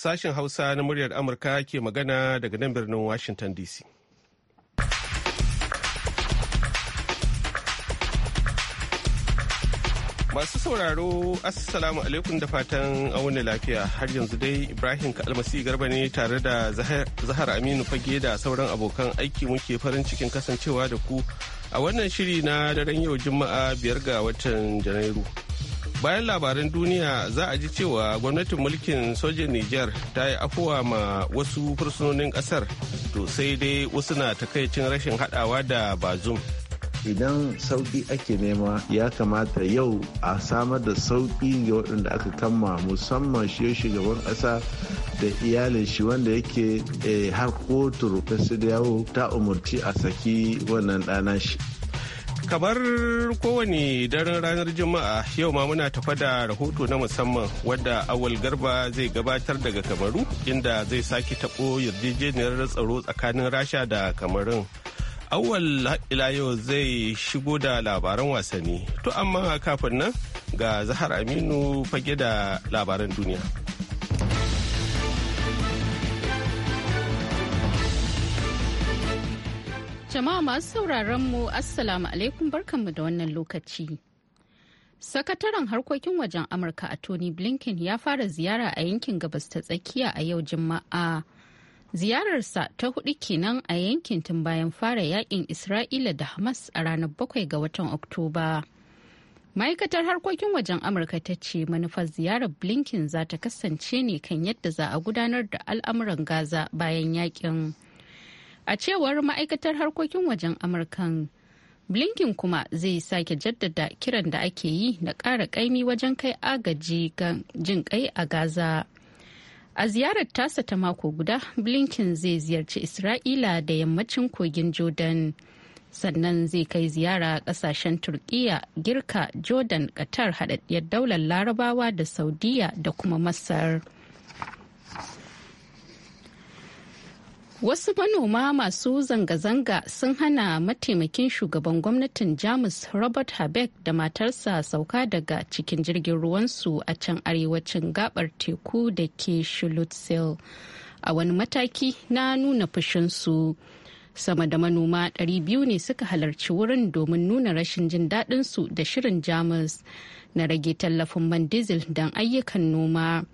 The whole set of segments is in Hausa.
Sashen Hausa na muryar Amurka ke magana daga nan birnin Washington DC. Masu sauraro, Assalamu alaikum da fatan wani lafiya har yanzu dai Ibrahim Kalmasi Garba ne tare da Zahar Aminu Fage da sauran abokan aiki muke farin cikin kasancewa da ku a wannan shiri na daren yau Juma'a biyar ga watan Janairu. bayan labaran duniya za a ji cewa gwamnatin mulkin sojin niger ta yi afuwa ma wasu fursunonin kasar to sai dai wasu na takaicin rashin hadawa da bazum idan sauƙi ake nema ya kamata yau a samar da sauƙi ga waɗanda aka kama musamman shi shugaban ƙasa da iyalin shi wanda yake eh, har kotu rufe su da yawo ta umarci a saki wannan ɗana shi kamar kowane daren ranar juma'a yau ma muna tafa da rahoto na musamman wadda awal garba zai gabatar daga kamaru inda zai sake tabo yarjejeniyar tsaro tsakanin rasha da kamarun awal ila yau zai shigo da labaran wasanni to amma kafin nan ga zahar aminu fage da labaran duniya Jama'a masu sauraron mu Assalamu alaikum barkanmu da wannan lokaci. Sakataren harkokin wajen Amurka a Tony Blinken ya fara ziyara a yankin gabas ta tsakiya a yau Juma'a. Ziyararsa ta hudu kenan a yankin tun bayan fara yakin Isra'ila da Hamas a ranar bakwai ga watan Oktoba. Ma'aikatar harkokin wajen Amurka ta ce manufar ziyarar Blinken za ta kasance ne kan yadda za a gudanar da al'amuran Gaza bayan yakin. a cewar ma'aikatar harkokin wajen amurkan blinken kuma zai sake jaddada kiran da ake yi da ƙara ƙaimi wajen kai agaji ga jin kai a gaza a ziyarar tasa ta mako guda blinken zai ziyarci isra'ila da yammacin kogin jordan sannan zai kai ziyara kasashen turkiya girka jordan qatar haɗaɗɗiyar daular larabawa da saudiya da kuma masar. Wasu manoma masu zanga-zanga sun hana mataimakin shugaban gwamnatin Jamus Robert Habeck da matarsa sauka daga cikin jirgin ruwansu a can arewacin gabar teku da ke Shulutzel a wani mataki na nuna fushinsu. Sama da manoma 200 ne suka halarci wurin domin nuna rashin jin daɗinsu da shirin Jamus na rage tallafin man diesel don ayyukan noma.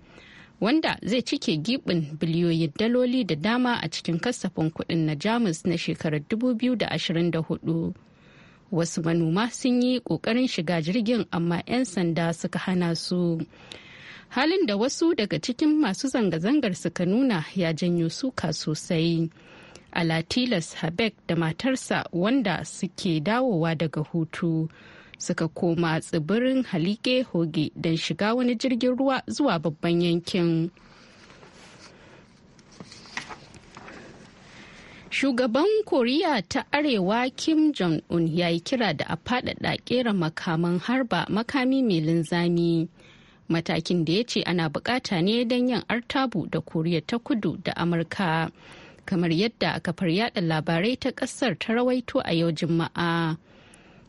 wanda zai cike gibin biliyoyin daloli da dama a cikin kasafin kuɗin na jamus na shekarar 2024 wasu manoma sun yi ƙoƙarin shiga jirgin amma 'yan sanda suka hana su halin da wasu daga cikin masu zanga-zangar suka nuna ya janyo suka sosai alatilas habek da matarsa wanda suke dawowa daga hutu suka koma tsibirin halike hoge don shiga wani jirgin ruwa zuwa babban yankin shugaban koriya ta arewa kim jong-un ya yi kira da a faɗaɗa ƙera makaman harba makami mai linzami matakin da ya ce ana bukata ne don yin artabu da koriya ta kudu da amurka kamar yadda kafar yada labarai ta ƙasar ta rawaito a yau juma'a.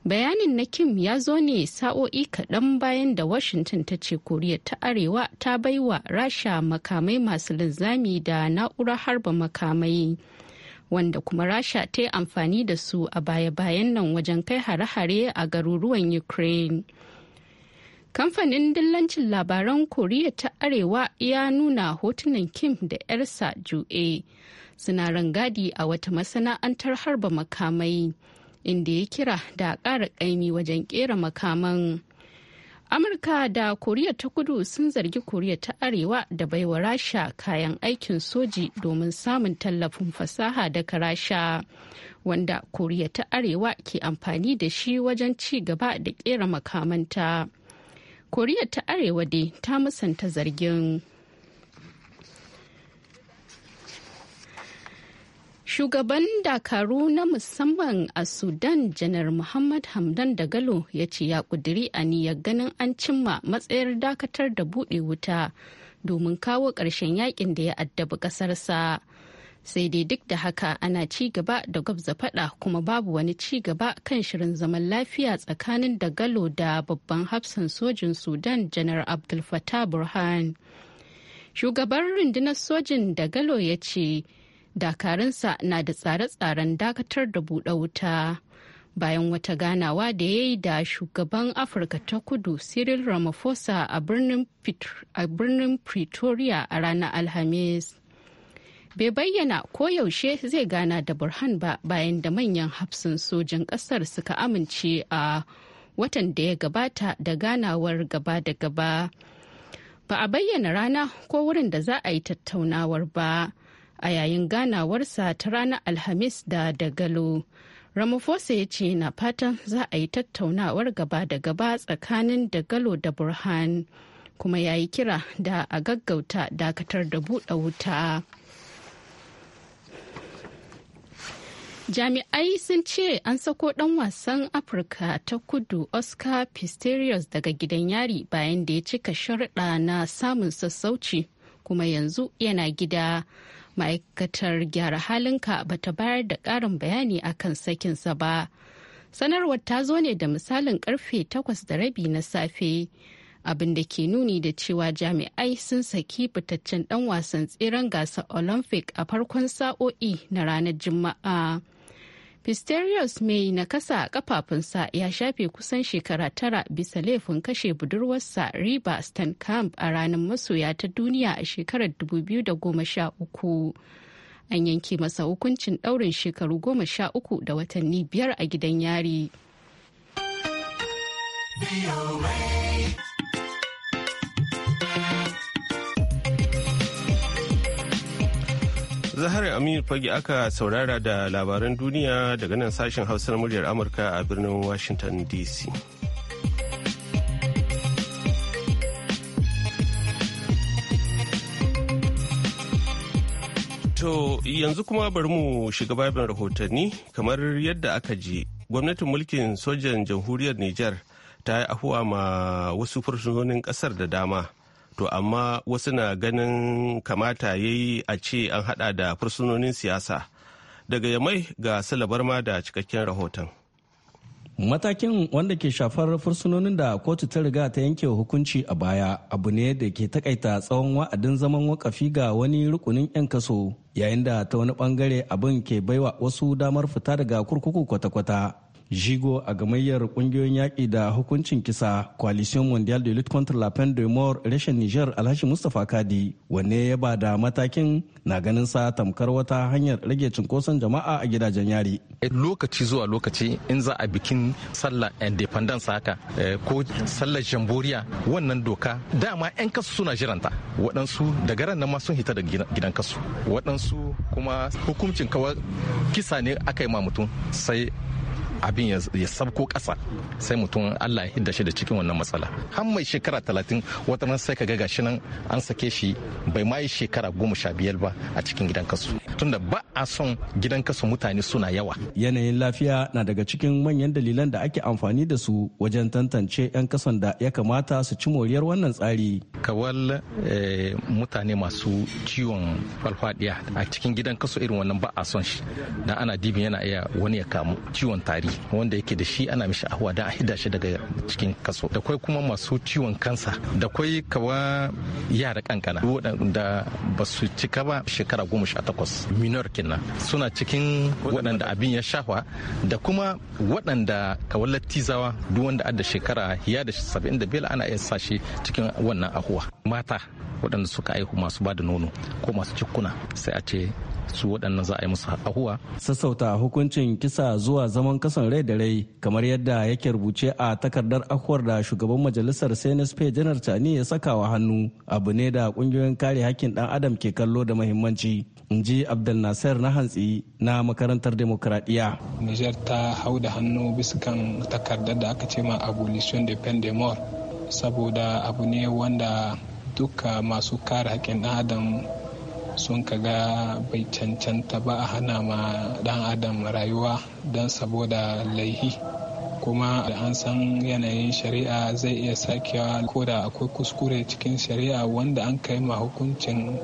bayanin na kim ya zo ne sa'o'i kaɗan bayan da washington ta ce koriya ta arewa ta bai wa rasha makamai masu linzami da na'urar harba makamai wanda kuma rasha ta yi amfani da su a baya-bayan nan wajen kai hare-hare a garuruwan ukraine kamfanin dillancin labaran koriya ta arewa ya nuna hotunan kim da 'yarsa ju'e suna rangadi a wata masana'antar harba makamai inda ya kira da ƙara ƙaimi wajen ƙera makaman. Amurka da Koriya ta kudu sun zargi Koriya ta Arewa da baiwa Rasha kayan aikin soji domin samun tallafin fasaha daga Rasha, wanda Koriya ta Arewa ke amfani da shi wajen ci gaba da ƙera makamanta. Koriya ta Arewa dai ta musanta zargin. Shugaban Dakaru na musamman a Sudan Janar Muhammad Hamdan Dagalo ya ce ya ƙudiri aniyar ganin an cimma matsayar dakatar da buɗe wuta domin kawo ƙarshen yakin da ya addabi ƙasarsa. Sai dai duk da haka ana ci gaba da gwabza faɗa kuma babu wani ci gaba kan shirin zaman lafiya tsakanin Dagalo da babban hafsan sojin Sudan Janar Abdul Fattah Burhan. Shugaban rundunar sojin Dagalo ya ce. dakarunsa na da tsare-tsaren dakatar da buɗe wuta bayan wata ganawa da ya yi da shugaban afirka ta kudu cyril ramaphosa a birnin pretoria a ranar alhamis bai bayyana ko yaushe zai gana da burhan ba bayan da manyan hafsin sojin kasar suka amince a watan da ya gabata da ganawar gaba da gaba ba a bayyana rana ko wurin da za a yi tattaunawar ba. a yayin ganawarsa ta ranar alhamis da dagalo ramaphosa ya ce na fatan za a yi tattaunawar gaba da gaba tsakanin dagalo da burhan kuma ya yi kira da a gaggauta dakatar da buɗe wuta jami'ai sun ce an sako ɗan wasan afirka ta kudu oscar pisterios daga gidan yari bayan da ya cika sharɗa na samun sassauci kuma yanzu yana gida ma'aikatar gyara halinka ba ta bayar da ƙarin bayani akan sakinsa ba sanarwar ta zo ne da misalin karfe takwas da rabi na safe abin da ke nuni da cewa jami'ai sun saki fitaccen dan wasan tseren gasa olympic a farkon sa'o'i na ranar juma'a. Pisterios mai nakasa a kafafunsa ya shafe kusan shekara tara bisa laifin kashe budurwarsa Riba Camp a ranar masoya ta duniya a shekarar 2013. An yanke masa hukuncin ɗaurin shekaru goma sha uku da watanni biyar a gidan yari. Zahara Aminu Fage aka saurara da labaran duniya daga nan sashen Hausa na muryar Amurka a birnin Washington DC. To yanzu kuma bari mu shiga babin rahotanni kamar yadda aka je gwamnatin mulkin sojan jamhuriyar Nijar ta yi ahuwa ma wasu fursunonin kasar da dama to amma wasu na ganin kamata ya yi a ce an hada da fursunonin siyasa daga yamai ga salabar ma da cikakken rahoton matakin wanda ke shafar fursunonin da kotu ta riga ta yanke hukunci a baya abu ne da ke takaita tsawon wa'adin zaman wakafi ga wani rukunin 'yan kaso yayin da ta wani bangare abin ke baiwa wasu damar fita daga kurkuku kwata-kwata jigo a gamayyar kungiyoyin yaƙi da hukuncin kisa coalition mondial de lutte contre la peine de mort reshen niger alhaji mustapha kadi wanne ya ba da matakin na ganin sa tamkar wata hanyar rage cunkoson jama'a a gidajen yari lokaci zuwa lokaci in za a bikin sallah independence haka eh, ko sallar jamboriya wannan doka dama 'yan kasu suna jiranta waɗansu da garan nan ma sun hita da gidan kasu waɗansu kuma hukuncin kawai kisa ne aka yi ma mutum sai abin ya sabko kasa sai mutum allah ya hidda shi da cikin wannan matsala har mai shekara talatin wata ran sai ka ga gashi nan an sake shi bai ma shekara goma sha biyar ba a cikin gidan kasu tunda ba a son gidan kasu mutane suna yawa yanayin lafiya na daga cikin manyan dalilan da ake amfani da su wajen tantance 'yan kasan da ya kamata su ci moriyar wannan tsari kawal eh, mutane masu ciwon falfadiya a cikin gidan kasu irin wannan ba a son shi dan ana dibin yana iya wani ya kamu ciwon tari daɗi wanda yake da shi ana mishi ahuwa da a hida shi daga cikin kaso da kwai kuma masu ciwon kansa da kwai kawa yara kankana waɗanda ba su cika ba shekara goma sha takwas minor kenan suna cikin waɗanda abin ya shahwa da kuma waɗanda kawalar tizawa duk wanda adda shekara ya da saba'in da biyar ana iya sa shi cikin wannan ahuwa mata waɗanda suka aihu masu ba da nono ko masu cikuna sai a ce su waɗannan za a yi musu ahuwa sassauta hukuncin kisa zuwa zaman kasa son rai da rai kamar yadda yake rubuce a takardar akwar da shugaban majalisar cnsp janar tani ya saka wa hannu abu ne da kungiyoyin kare hakkin dan adam ke kallo da mahimmanci in ji abdul nasir na hantsi na makarantar demokradiyya niger ta hau da hannu biskan takardar da aka ce ma abolition de peine saboda abu ne wanda duka masu kare hakkin dan adam sun ka ga bai cancanta ba a hana ma dan adam rayuwa don saboda laihi kuma da an san yanayin shari'a zai iya sakewa ko da akwai kuskure cikin shari'a wanda an kai ma hukuncin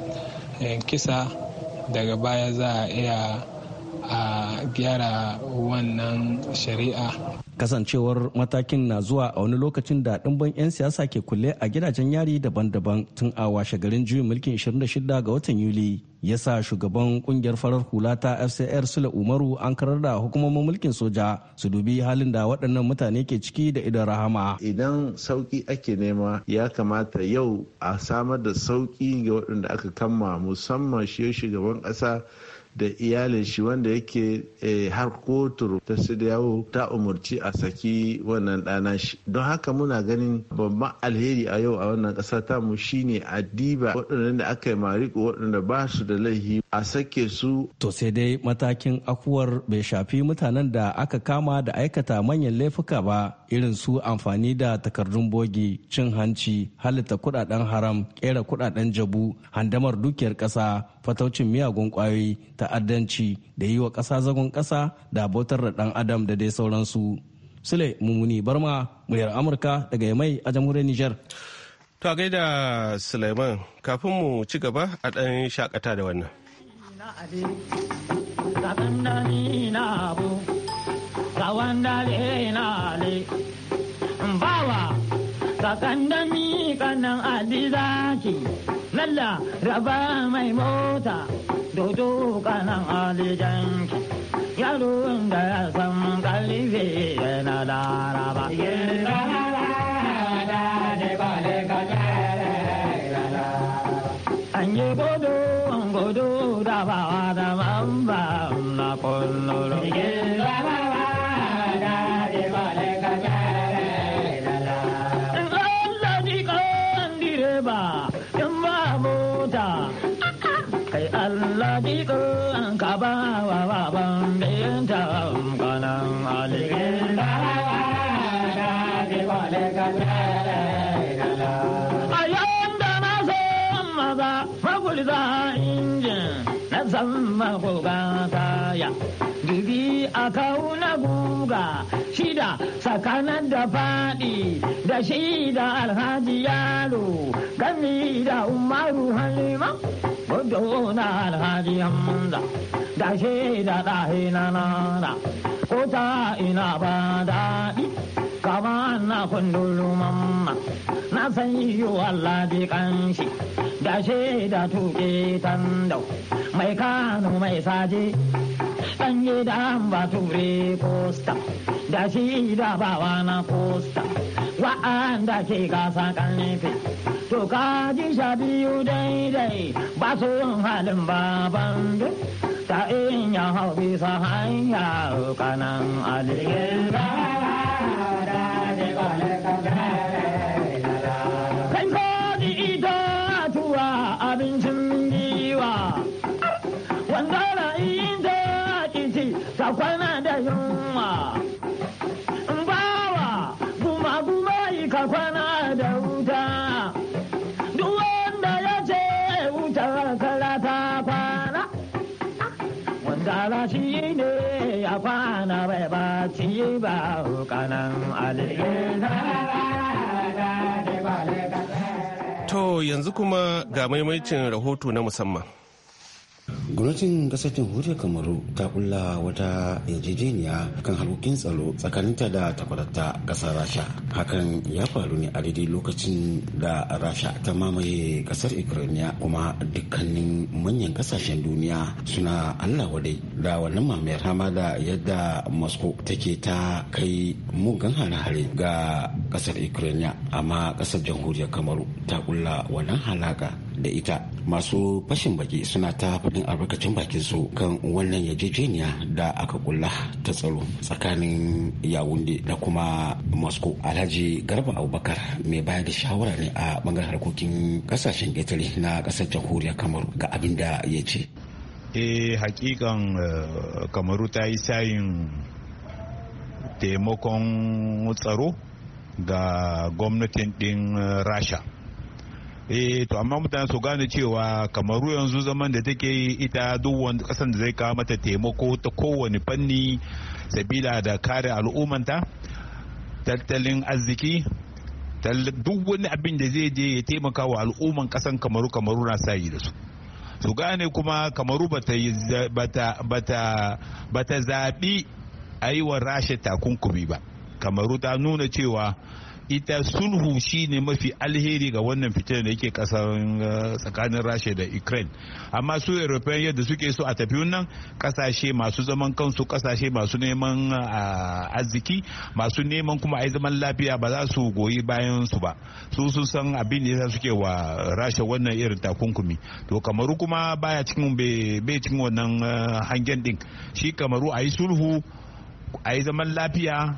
eh, kisa daga baya za a iya a gyara wannan shari'a kasancewar matakin na zuwa a wani lokacin da ɗimbin 'yan siyasa ke kulle a gidajen yari daban-daban tun a washe garin juyin mulkin 26 ga watan yuli ya sa shugaban kungiyar farar hula ta fcr sule umaru an karar da hukumomin mulkin soja su dubi halin da waɗannan mutane ke ciki da idan rahama idan sauki ake nema ya kamata yau a samar da sauki ga waɗanda aka kama musamman shi shugaban ƙasa da iyalin shi wanda yake eh, har kotu ta sidiyawo ta umarci a saki wannan ɗana shi don haka muna ganin babban alheri a yau a wannan ta mu shine a diba waɗannan da aka yi mariko waɗanda ba su da laihi a sake su to sai dai matakin akuwar bai shafi mutanen da aka kama da aikata manyan laifuka ba irin su amfani da takardun bogi cin hanci halitta kudaden haram kera kudaden jabu handamar dukiyar ƙasa fataucin miyagun kwayoyi ta'addanci da yi wa ƙasa zagon ƙasa da abotar da ɗan adam da dai sauransu sule mummuni barma muryar amurka daga yamai a jamhuriyar niger to a gaida suleiman kafin mu ci gaba a ɗan shakata da wannan bawa kanan adi zaki lalla raba mai mota dodo kanan alijanki yaron da ya san kalife yana laraba an yi godo godo da ba da mamba na kullum za injin na zama goga kaya. Dubi a na guga shida tsakanin da faɗi da shida alhaji yaro gami da umaru halima gudu na alhaji hamza da shida ɗahe na nana ko ta ina ba daɗi. kama na kundulu mamma na san yiwu Allah bi kanshi da da tuke tando mai kano mai saje yi da ba ture posta da shi da bawa na posta wa'anda ke gasa kanfe to ka ji sha biyu daidai ba su halin baban duk ta in ya hau bisa hanya kanan aliyar para cantar. kanan to yanzu kuma ga maimaicin rahoto na musamman gwamnatin kasar jamhuriyar kamaru ta kulla wata yarjejeniya kan harkokin tsaro tsakaninta da takwarata kasar rasha hakan ya faru ne a daidai lokacin da rasha ta mamaye kasar ukraine kuma dukkanin manyan kasashen duniya suna allah wadai da wannan mamayar hama da yadda moscow take ta kai mugan hare-hare ga kasar ukraine amma kasar jamhuriyar kamaru ta kulla wannan halaka da ita masu fashin baki suna ta faɗin albarkacin bakin su kan wannan yarjejeniya da aka kulla ta tsaro tsakanin yawunde da kuma moscow alhaji garba abubakar mai baya da shawara ne a bangar harkokin kasashen ƙetare na ƙasar jamhuriyar kamaru ga abin da ya ce eh hakikan eh, kamaru ta yi sayin taimakon tsaro ga gwamnatin ɗin eh, rasha eh to amma mutane su gane cewa kamaru yanzu zaman da take yi ita duk wani kasan da zai kawo mata taimako ta kowane fanni sabila da kare al'ummanta tattalin arziki duk wani abin da zai je ya taimaka wa al'umman kasan kamaru kamaru na sayi da su su gane kuma kamaru bata zaɓi a yi wa rasha takunkumi ba kamaru ta nuna cewa ita sulhu shine mafi alheri ga wannan fitar da yake kasar eh, tsakanin rasha da ukraine amma su european yadda suke so a tafi wannan kasashe masu zaman kansu kasashe masu neman eh, arziki masu neman kuma ai zaman lafiya ba za su goyi bayan su ba su sun san abin da yasa suke wa rasha wannan irin takunkumi to kamaru kuma baya cikin bai cikin wannan eh, hangen din shi kamaru a yi sulhu a yi zaman lafiya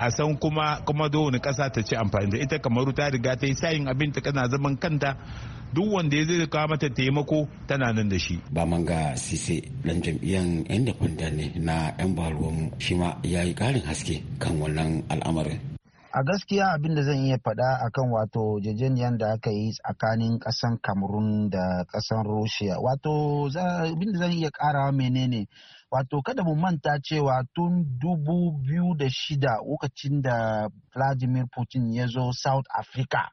a san kuma kuma wani kasa ta ci amfani da ita kamaru ta riga ta yi sayin abin ta kana zaman kanta duk wanda ya zai kawo mata taimako tana nan da shi. Ba ga sise dan jam'iyyar yan ne na yan baluwan shi ma ya yi karin haske kan wannan al'amarin. a gaskiya abin da zan iya faɗa akan wato jejeniyar da aka yi tsakanin ƙasan cameroon da ƙasan russia wato abin da zan iya ƙarawa menene wato kada mu manta cewa tun dubu biyu da shida lokacin da vladimir putin ya zo south africa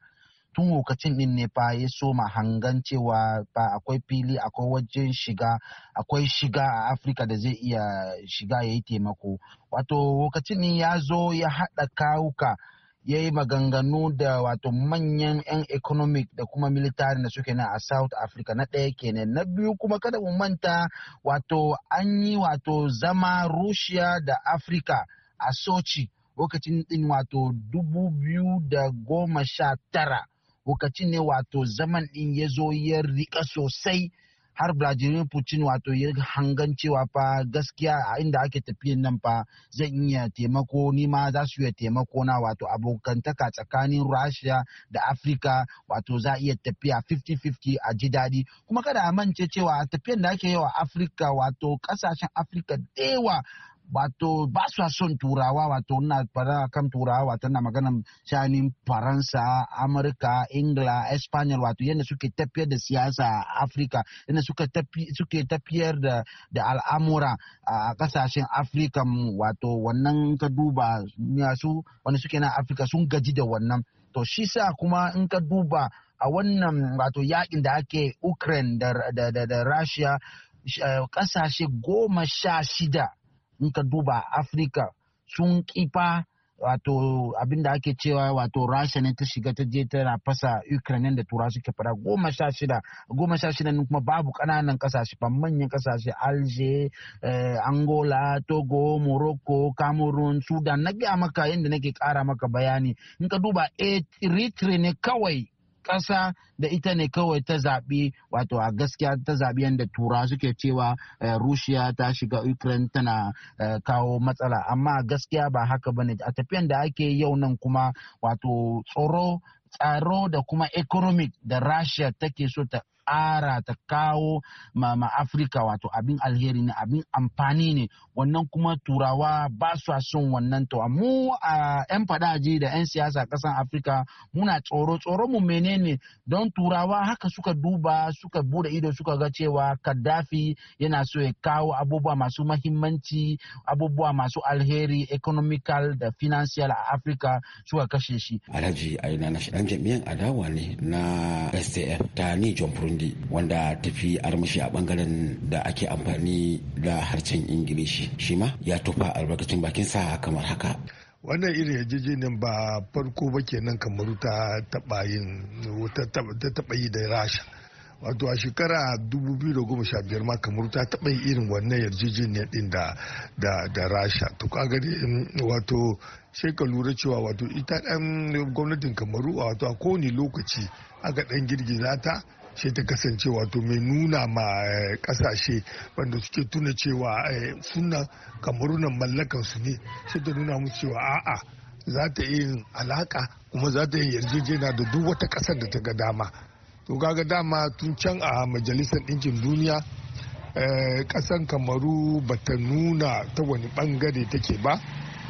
tun lokacin din ne fa ya soma hangan cewa ba akwai fili akwai wajen shiga akwai shiga a afirka da zai iya shiga ya yi taimako wato lokacin ya zo ya haɗa kawuka ya yi maganganu da wato manyan 'yan economic da kuma military da suke na a south africa na ɗaya kenan na biyu kuma kada mu manta wato an yi wato zama russia da africa a sochi lokacin din wato dubu biyu da goma sha tara lokacin ne wato zaman din ya zo ya rika sosai har Vladimir Putin wato ya hangan cewa fa gaskiya a inda ake tafiyan nan fa zan iya taimako ni ma za su iya taimako na wato abokantaka tsakanin Russia da Africa wato za iya tafiya 50-50 a ji daɗi kuma kada a mance cewa tafiyan da ake yi wa Africa wato kasashen Africa da wato ba su son turawa wato na fara kan turawa wato na maganan shanin faransa amurka ingila espanyol wato yadda suke tafiyar da siyasa a afirka yadda suke tafiyar da al'amura a kasashen afirka wato wannan ka duba su wani suke na afirka sun gaji da wannan to shi sa kuma in ka duba a wannan wato yakin da ake ukraine da rasha kasashe eh, goma sha shida in ka duba afirka sun kifa wato abin da ake cewa wato rasha ne ta shiga ta je tana fasa ukraine da turawa suke fara goma sha shida goma sha shida kuma babu kananan kasashe ba manyan kasashe alger eh, angola togo morocco cameroon sudan na gaya maka yadda nake kara maka bayani in ka duba eritrea ne kawai ƙasa da ita ne kawai ta zaɓi wato a gaskiya ta zaɓi yadda tura suke cewa eh, rushiya ta shiga ukraine tana eh, kawo matsala amma gaskiya ba haka bane a tafiyan da ake yau nan kuma wato tsoro tsaro da kuma economic da Russia take so ta kara ta kawo ma, Afirka wato abin alheri ne abin amfani ne wannan kuma turawa ba su son wannan to mu a 'yan fadaje da 'yan siyasa ƙasan Afirka muna tsoro tsoro mu menene don turawa haka suka duba suka bude ido suka ga cewa Kaddafi yana so ya kawo abubuwa masu mahimmanci abubuwa masu alheri economical da financial a Afirka suka kashe shi. Alhaji Aina na shi jami'an adawa ne na STF ta ni John hindi wanda tafi armashi a bangaren da ake amfani da harshen ingilishi shi ma ya tofa albarkacin bakinsa kamar haka wannan irin yarjejeniyar ba farko ba kenan kamar ta taɓa ta taɓa yi da rasha wato a shekara 2015 ma kamar ta taɓa yi irin wannan yarjejeniyar din da da rasha to ka gani wato sai ka lura cewa wato ita ɗan gwamnatin kamaru wato a kowane lokaci aka ɗan girgiza ta sai ta kasance wato mai nuna ma kasashe eh, wanda suke tuna cewa eh, suna kamarunan mallakar su ne sai ta nuna musu cewa a'a za ta yi alaka kuma za ta yi yarjejena da duk wata kasar da ta ga dama to ga dama tun can a majalisar ɗinkin duniya kasan eh, kamaru ba ta nuna ta wani bangare take ba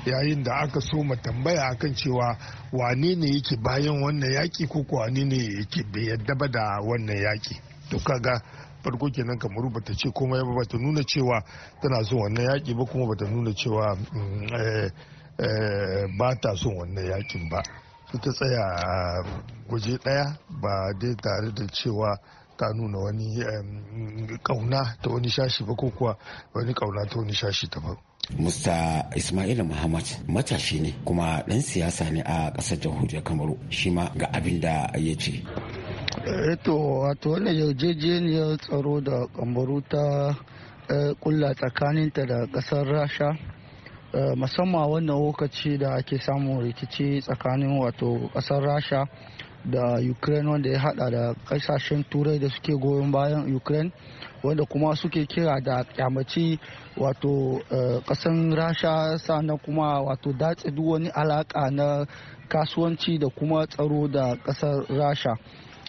yayin da aka soma ma tambaya akan cewa wane ne yake bayan wannan yaki ko wane ne yake bai yadda ba da wannan yaƙi to kaga farko kenan kamaru bata ce komai ba bata nuna cewa tana son wannan yaki ba kuma bata nuna cewa mm, eh, eh, ba ta son wannan yakin ba ta tsaya guje ah, daya ba dai tare da cewa ta nuna wani kauna ta wani shashi ba ko kuwa wani kauna ta wani shashi ta ba. Musta Ismail Muhammad matashi ne kuma ɗan siyasa ne a ƙasar jamhuriyar Kamaru shi ma ga abin da ya ce. Eto eh, wato wannan yarjejeniyar tsaro da Kamaru ta kulla eh, tsakaninta da ƙasar Rasha eh, musamman wannan lokaci da ake samun rikici tsakanin wato ƙasar Rasha da ukraine wanda ya hada da kasashen turai da suke goyon bayan ukraine wanda kuma suke kira da kyamaci wato eh, kasan rasha sannan kuma wato datse duk wani alaka na kasuwanci da kuma tsaro da kasar rasha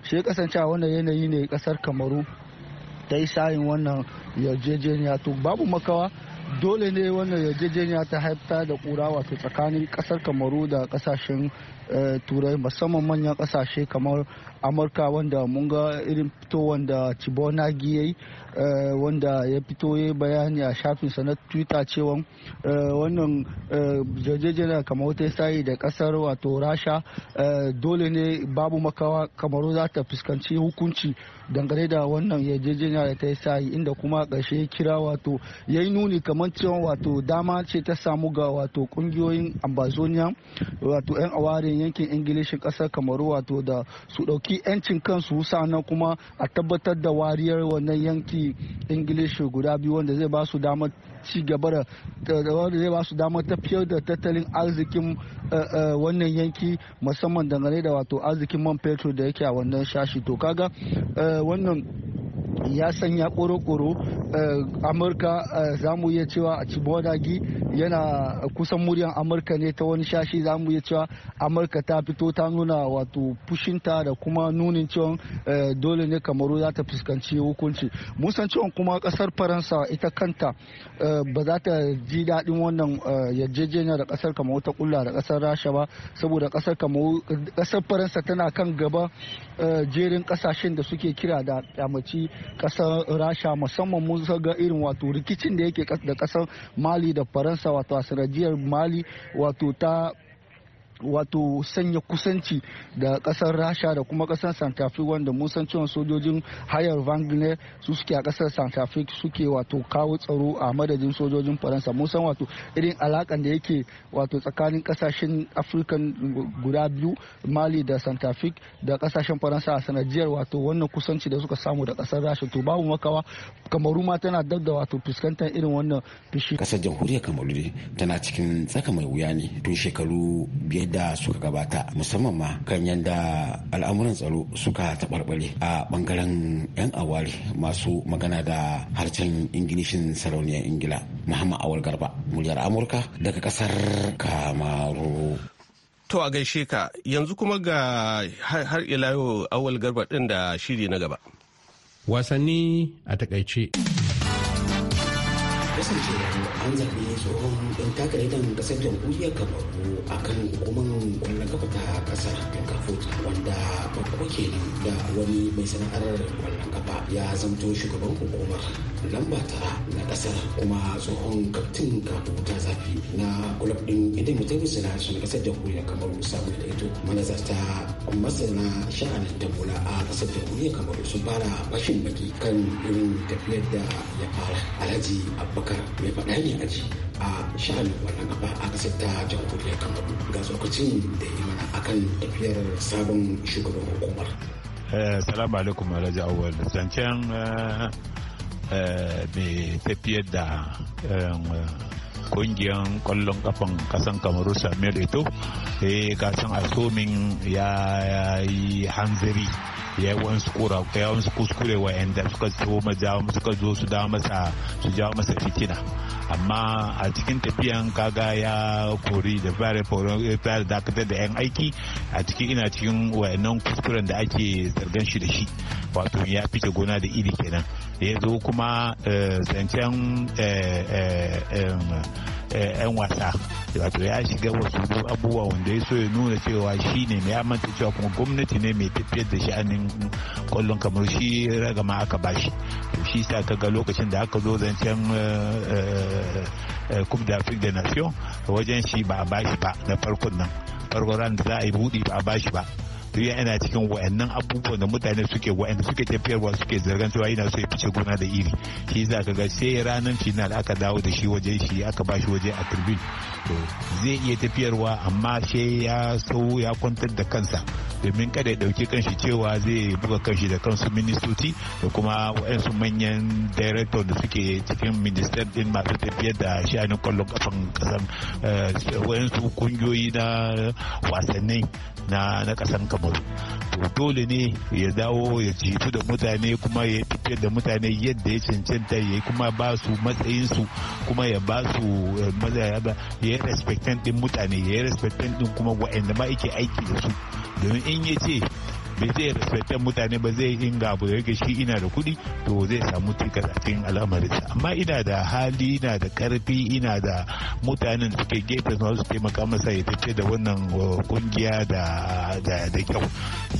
shi kasance wannan yanayi ne kasar kamaru ta yi sayin wannan yarjejeniya to babu makawa dole ne wannan yarjejeniya ta haifta da kura wato tsakanin kasar kamaru da kasashen Eh, turai musamman manyan kasashe kamar amurka wanda mun ga irin fito wanda cibonagi ya yi eh, wanda ya fito ya bayani a shafinsa na twitter cewa eh, wannan jajejena kamar wata sayi da kasar wato rasha dole ne babu makawa kamar za ta fuskanci hukunci dangane da wannan yarjejeniya da ta sayi inda kuma karshe kira wato ya yi nuni kamar cewa wato dama ce ta samu ga wato kungiyoyin ambazonia wato 'yan awarin yankin ingilishin kasar kamaru wato da su ɗauki 'yancin kansu na kuma a tabbatar da wariyar wannan yanki ingilishi guda biyu wanda zai ba su damar ci gaba da wanda zai ba su damar tafiyar da tattalin arzikin eh, eh, wannan yanki musamman dangane da wato arzikin man fetur da yake a wannan shashi to kaga eh, wannan ya sanya koro eh, amurka eh, za mu iya cewa a cibodagi yana kusan muryan amurka ne ta wani shashi za mu iya cewa amurka ta fito ta nuna wato fushinta da kuma nunin cewa eh, dole ne kamaru za ta fuskanci hukunci mun san cewa kuma kasar faransa ita kanta ba za ta ji daɗin wannan yarjejeniya da kasar kamaru ta kulla da kasar rasha ba saboda kasar kamaru kasar faransa tana kan gaba Eh, jerin kasashen da suke kira da kyamaci kasar rasha musamman mun ga irin wato rikicin da yake da kasar mali da faransa wato a sanadiyar mali wato ta wato sanya kusanci da kasar rasha da kuma kasar santa fe wanda mun san cewa sojojin hayar wagner su suke a kasar santa fe suke wato kawo tsaro a madadin sojojin faransa mun san wato irin alakan da yake wato tsakanin kasashen afirkan guda biyu mali da santa fe da kasashen faransa a sanadiyar wato wannan kusanci da suka samu da kasar rasha to babu makawa kamaru ma tana dab da wato fuskantar irin wannan fishi kasar jamhuriyar kamaru tana cikin tsaka mai wuya ne tun shekaru biyar da suka gabata musamman ma kan yadda al'amuran tsaro suka taɓarɓare a ɓangaren 'yan awari masu magana da harshen ingilishin sarauniyar ingila muhammad awal garba muryar amurka daga ƙasar kamaru To a gaishe ka yanzu kuma ga har ila yau awal garba ɗin da shiri na gaba. Wasanni a takaice. kasance an zaɓi tsohon ɗan idan ƙasar jamhuriyar kamaru a kan hukumar kwallon kafa ta ƙasar kankafut wanda babba kenan da wani mai sana'ar kwallon kafa ya zamto shugaban hukumar lamba tara na ƙasar kuma tsohon kaftin kafu ta zafi na kulab ɗin idan mutum suna suna ƙasar jamhuriyar kamaru samun da ito manazarta masana sha'anin tamula a ƙasar jamhuriyar kamaru sun fara bashin baki kan irin tafiyar da ya fara alhaji abba abubakar mai faɗa ne a ji a sha'anin wannan gaba a kasar ta jamhuriyar kamaru ga tsokacin da yi mana akan tafiyar sabon shugaban hukumar. Eh, salamu alaikum alhaji awal zancen eh, eh, mai tafiyar da kungiyar kwallon kafan kasan kamaru samir ito eh kasan asomin ya yi hanzari ya yi wani ko ya wani kuskure yanda suka so suka zo su dawo masa su jawo masa fitina amma a cikin tafiyan kaga ya kori da fara fara dakatar da yan aiki a cikin ina cikin wayannan kuskuren da ake zargan shi da shi wato ya fice gona da iri kenan da ya zo kuma eh, zancen 'yan eh, eh, wasa wato ya shiga wasu abubuwa wanda ya so ya nuna cewa shi ne ya manta cewa kuma gwamnati ne mai tafiyar da sha'anin kwallon kamar shi ragama aka bashi to shi sa kaga lokacin da aka zo zancen eh, eh, eh, coupe d'afrique da nation wajen shi ba a bashi ba na farkon nan farkon ran da za a yi budi ba a bashi ba najeriya yana cikin wayannan abubuwan da mutane suke wayanda suke tafiyarwa suke zargan cewa yana so ya fice gona da iri shi za ka ga sai ranar final aka dawo da shi waje shi aka ba shi waje a turbin to zai iya tafiyarwa amma sai ya sau ya kwantar da kansa domin kada ya dauki kanshi cewa zai buga kanshi da kansu ministoci da kuma wayansu manyan director da suke cikin minister din masu tafiyar da sha'anin kwallon kafan kasan eh, wayansu kungiyoyi na wasannin na kasan kamar to dole ne ya dawo ya jitu da mutane kuma ya tafiyar da mutane yadda ya cancanta ya kuma ba su matsayinsu kuma ya ba su eh, ya yi respectant din mutane ya yi respectant din kuma wa'anda ma ake aiki da su domin in ya ce bai zai respectan mutane ba zai inga abu da shi ina da kuɗi to zai samu cikas a cikin al'amarinsa amma ina da hali ina da karfi ina da mutanen da suke gefe su taimaka masa ya tafi da wannan kungiya da kyau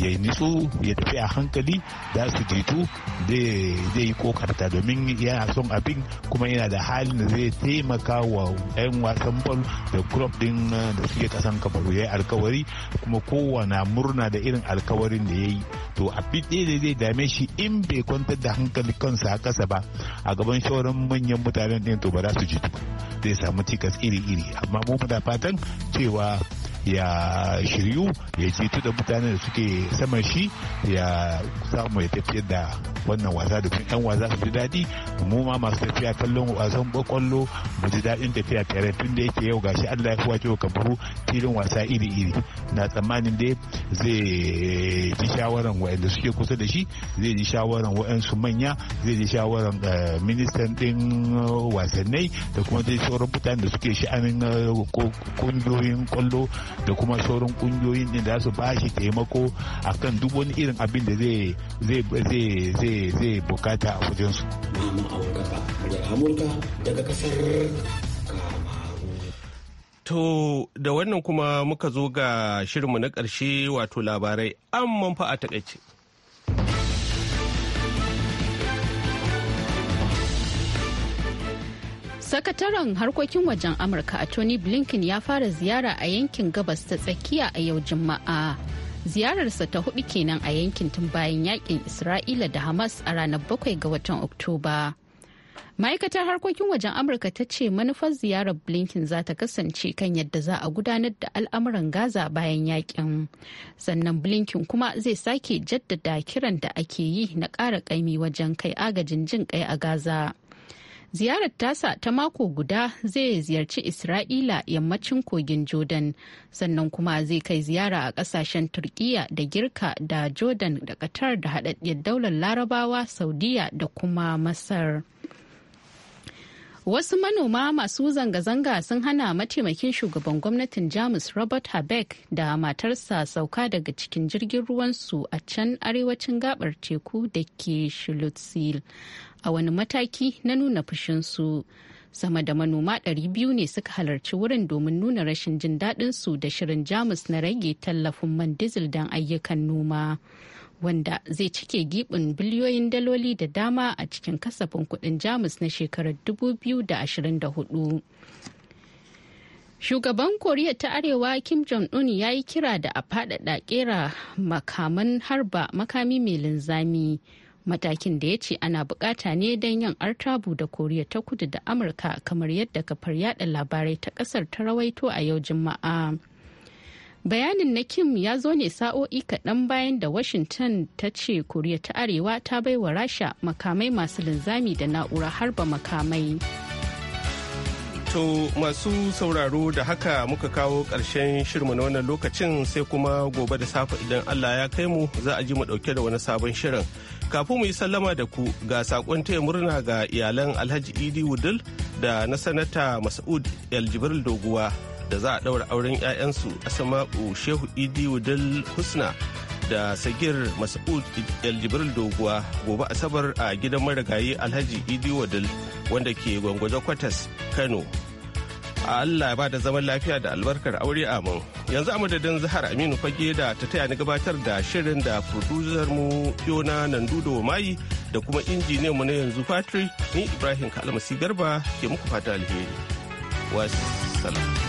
ya nitsu ya tafi a hankali da su jitu zai yi kokarta domin yana son abin kuma yana da halin da zai taimaka wa 'yan wasan bol da club din da suke kasan kamaru ya yi alkawari kuma kowane murna da irin alkawarin da ya yi to a fiɗe da zai dame shi in bai kwantar da hankali kansa a ƙasa ba a gaban shawarar manyan mutanen ɗin to ba za su ji jitu zai samu cikas iri-iri amma mu muna fatan cewa ya shiryu ya tu da mutanen da suke saman shi ya samu ya tafiyar da wannan wasa da yan wasa su ji daɗi mu ma masu tafiya kallon wasan kwakwallo mu ji daɗin tafiya tare tun da yake yau gashi Allah ya kwace wa kabaru filin wasa iri-iri na tsammanin dai zai ji shawaran waɗanda suke kusa da shi zai ji shawaran wa'ansu manya zai ji shawaran eh, ministan ɗin eh, wasannai da kuma dai sauran mutanen da suke sha'anin eh, kungiyoyin kwallo da kuma sauran kungiyoyin din da za su bashi taimako akan duk wani irin abin da zai zai zai zai bukata a wajen daga Amurka daga kasar To da wannan kuma muka zo ga shirinmu na ƙarshe wato labarai amman fa a takaice. Sakataren harkokin wajen Amurka a Tony Blinken ya fara ziyara a yankin gabas ta tsakiya a yau Juma'a. Ziyararsa ta hudu kenan a yankin tun bayan yakin Isra'ila da Hamas a ranar bakwai ga watan Oktoba. Ma'aikatar harkokin wajen Amurka ta ce manufar ziyarar Blinken za ta kasance kan yadda za a gudanar da al'amuran Gaza bayan yakin. Sannan Blinken kuma zai sake jaddada kiran da ake yi na ƙara ƙaimi wajen kai agajin jin kai a Gaza. ziyarar tasa ta mako guda zai ziyarci isra'ila yammacin kogin jordan sannan kuma zai kai ziyara a kasashen turkiya da girka da jordan da qatar da haɗaɗɗiyar daular larabawa saudiya da kuma masar Wasu manoma masu zanga-zanga sun hana mataimakin shugaban gwamnatin Jamus Robert Habeck da matarsa sauka daga cikin jirgin ruwansu a can arewacin gabar teku da ke shilutsil a wani mataki na nuna fushinsu. Sama da manoma 200 ne suka halarci wurin domin nuna rashin jin daɗinsu da shirin Jamus na rage tallafin man dizil don ayyukan noma. wanda zai cike gibin biliyoyin daloli da dama a cikin kasafin kudin jamus na shekarar 2024 shugaban koriya ta arewa kim jong-un ya yi kira da a faɗaɗa kera makaman harba makami mai linzami matakin da ya ce ana bukata ne don yin artabu da koriya ta kudu da amurka kamar yadda kafar yada labarai ta kasar ta rawaito a yau juma'a bayanin na kim ya zo ne sa'o'i kaɗan bayan da washington ta ce koriya ta arewa ta bai wa rasha makamai masu linzami da na'ura harba makamai To masu sauraro da haka muka kawo ƙarshen shirmu na wannan lokacin sai kuma gobe da safe idan Allah ya kai mu za a ji mu ɗauke da wani sabon shirin. kafin mu yi sallama da ku ga sakon taya murna ga iyalan alhaji idi wudul da na sanata mas'ud aljibril doguwa da za a ɗaura auren 'ya'yansu asama'u shehu idi wudul husna da sagir mas'ud aljibril doguwa gobe asabar a gidan marigayi alhaji idi wudul wanda ke gwangwaje kwatas kano A Allah ba da zaman lafiya da albarkar aure amin. Yanzu a madadin Zahar Aminu Fage da ta taya ni gabatar da shirin da producer mu Fiona Nandudo Mai da kuma injiniyan mu na yanzu Patrick ni Ibrahim Kalmasi Garba ke muku fata alheri. Wassalam.